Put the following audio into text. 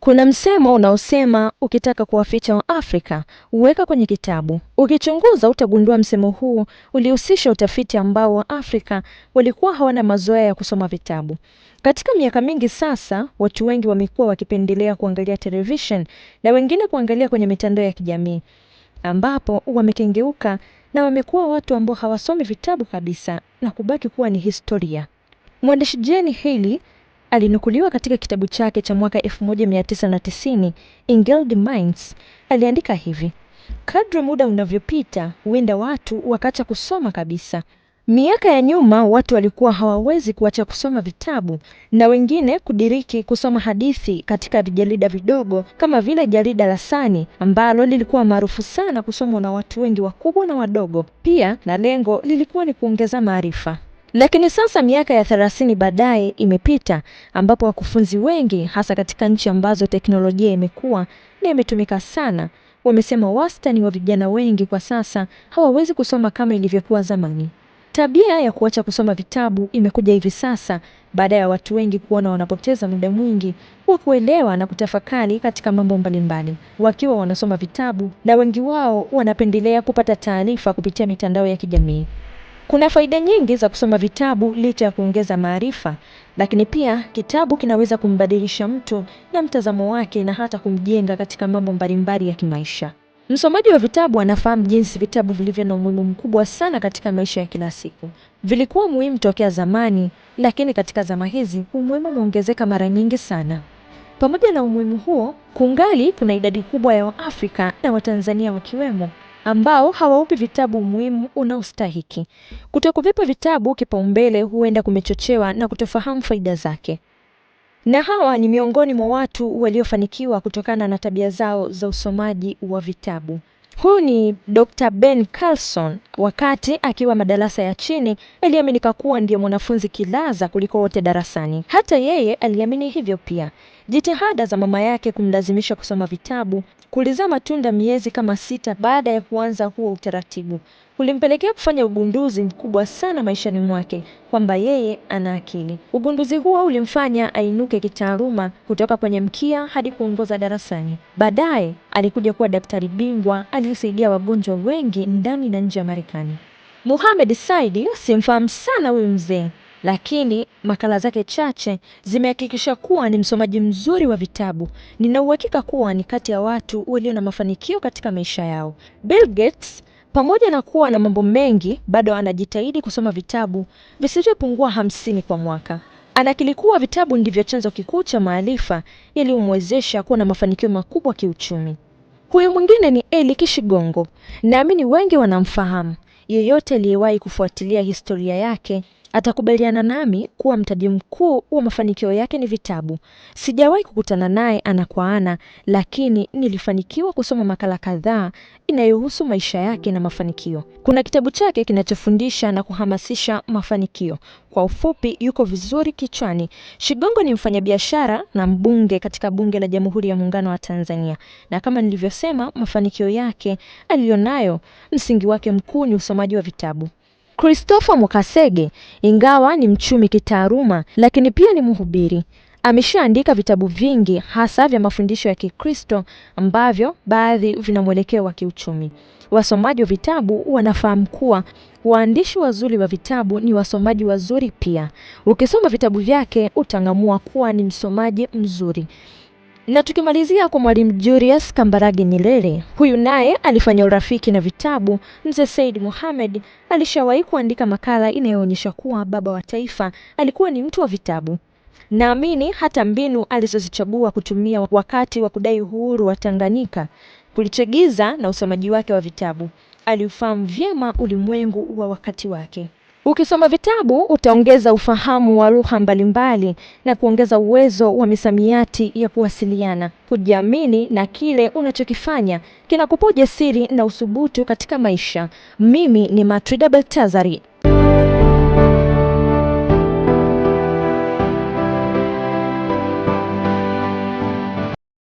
Kuna msemo unaosema ukitaka kuwaficha wa afrika uweka kwenye kitabu. Ukichunguza utagundua msemo huu ulihusisha utafiti ambao wa afrika walikuwa hawana mazoea ya kusoma vitabu. Katika miaka mingi sasa, watu wengi wamekuwa wakipendelea kuangalia television na wengine kuangalia kwenye mitandao ya kijamii, ambapo wamekengeuka na wamekuwa watu ambao hawasomi vitabu kabisa na kubaki kuwa ni historia. Mwandishi Jane hili Alinukuliwa katika kitabu chake cha mwaka 1990 In Guild Minds, aliandika hivi: kadri muda unavyopita, huenda watu wakaacha kusoma kabisa. Miaka ya nyuma watu walikuwa hawawezi kuacha kusoma vitabu na wengine kudiriki kusoma hadithi katika vijarida vidogo kama vile jarida la Sani ambalo lilikuwa maarufu sana kusomwa na watu wengi wakubwa na wadogo. Pia na lengo lilikuwa ni kuongeza maarifa. Lakini sasa miaka ya 30 baadaye imepita ambapo wakufunzi wengi hasa katika nchi ambazo teknolojia imekuwa na imetumika sana wamesema wastani wa vijana wengi kwa sasa hawawezi kusoma kama ilivyokuwa zamani. Tabia ya kuacha kusoma vitabu imekuja hivi sasa baada ya watu wengi kuona wanapoteza muda mwingi wa kuelewa na kutafakari katika mambo mbalimbali wakiwa wanasoma vitabu, na wengi wao wanapendelea kupata taarifa kupitia mitandao ya kijamii. Kuna faida nyingi za kusoma vitabu licha ya kuongeza maarifa, lakini pia kitabu kinaweza kumbadilisha mtu na mtazamo wake na hata kumjenga katika mambo mbalimbali ya kimaisha. Msomaji wa vitabu anafahamu jinsi vitabu vilivyo na umuhimu mkubwa sana katika maisha ya kila siku. Vilikuwa muhimu tokea zamani, lakini katika zama hizi umuhimu umeongezeka mara nyingi sana. Pamoja na umuhimu huo, kungali kuna idadi kubwa ya Waafrika na Watanzania wakiwemo ambao hawaupi vitabu muhimu unaostahiki. Kutokuvipa vitabu kipaumbele huenda kumechochewa na kutofahamu faida zake. Na hawa ni miongoni mwa watu waliofanikiwa kutokana na tabia zao za usomaji wa vitabu. Huyu ni Dr. Ben Carlson. Wakati akiwa madarasa ya chini, aliaminika kuwa ndiye mwanafunzi kilaza kuliko wote darasani. Hata yeye aliamini hivyo pia. Jitihada za mama yake kumlazimisha kusoma vitabu kulizaa matunda miezi kama sita baada ya kuanza huo utaratibu. Kulimpelekea kufanya ugunduzi mkubwa sana maishani mwake kwamba yeye ana akili. Ugunduzi huo ulimfanya ainuke kitaaluma kutoka kwenye mkia hadi kuongoza darasani. Baadaye alikuja kuwa daktari bingwa aliyesaidia wagonjwa wengi ndani na nje ya Marekani. Muhamed Saidi simfahamu sana huyu mzee, lakini makala zake chache zimehakikisha kuwa ni msomaji mzuri wa vitabu. Nina uhakika kuwa ni kati ya watu walio na mafanikio katika maisha yao. Bill Gates pamoja na kuwa na mambo mengi, bado anajitahidi kusoma vitabu visivyopungua hamsini kwa mwaka. Anakili kuwa vitabu ndivyo chanzo kikuu cha maarifa yaliyomwezesha kuwa na mafanikio makubwa kiuchumi. Huyu mwingine ni Eli Kishigongo, naamini wengi wanamfahamu. Yeyote aliyewahi kufuatilia historia yake Atakubaliana nami kuwa mtaji mkuu wa mafanikio yake ni vitabu. Sijawahi kukutana naye ana kwa ana, lakini nilifanikiwa kusoma makala kadhaa inayohusu maisha yake na mafanikio. Kuna kitabu chake kinachofundisha na kuhamasisha mafanikio, kwa ufupi, Yuko Vizuri Kichwani. Shigongo ni mfanyabiashara na mbunge katika Bunge la Jamhuri ya Muungano wa Tanzania, na kama nilivyosema, mafanikio yake aliyonayo, msingi wake mkuu ni usomaji wa vitabu. Christopher Mwakasege ingawa ni mchumi kitaaluma, lakini pia ni mhubiri. Ameshaandika vitabu vingi hasa vya mafundisho ya Kikristo ambavyo baadhi vina mwelekeo wa kiuchumi. Wasomaji wa vitabu wanafahamu kuwa waandishi wazuri wa vitabu ni wasomaji wazuri pia. Ukisoma vitabu vyake utangamua kuwa ni msomaji mzuri. Na tukimalizia kwa Mwalimu Julius Kambarage Nyerere, huyu naye alifanya urafiki na vitabu. Mzee Said Mohamed alishawahi kuandika makala inayoonyesha kuwa baba wa taifa alikuwa ni mtu wa vitabu. Naamini hata mbinu alizozichagua kutumia wakati wa kudai uhuru wa Tanganyika kulichegiza na usomaji wake wa vitabu. Aliufahamu vyema ulimwengu wa wakati wake. Ukisoma vitabu utaongeza ufahamu wa lugha mbalimbali na kuongeza uwezo wa misamiati ya kuwasiliana. Kujiamini na kile unachokifanya kinakupa ujasiri na uthubutu katika maisha. Mimi ni Matrida Baltazar,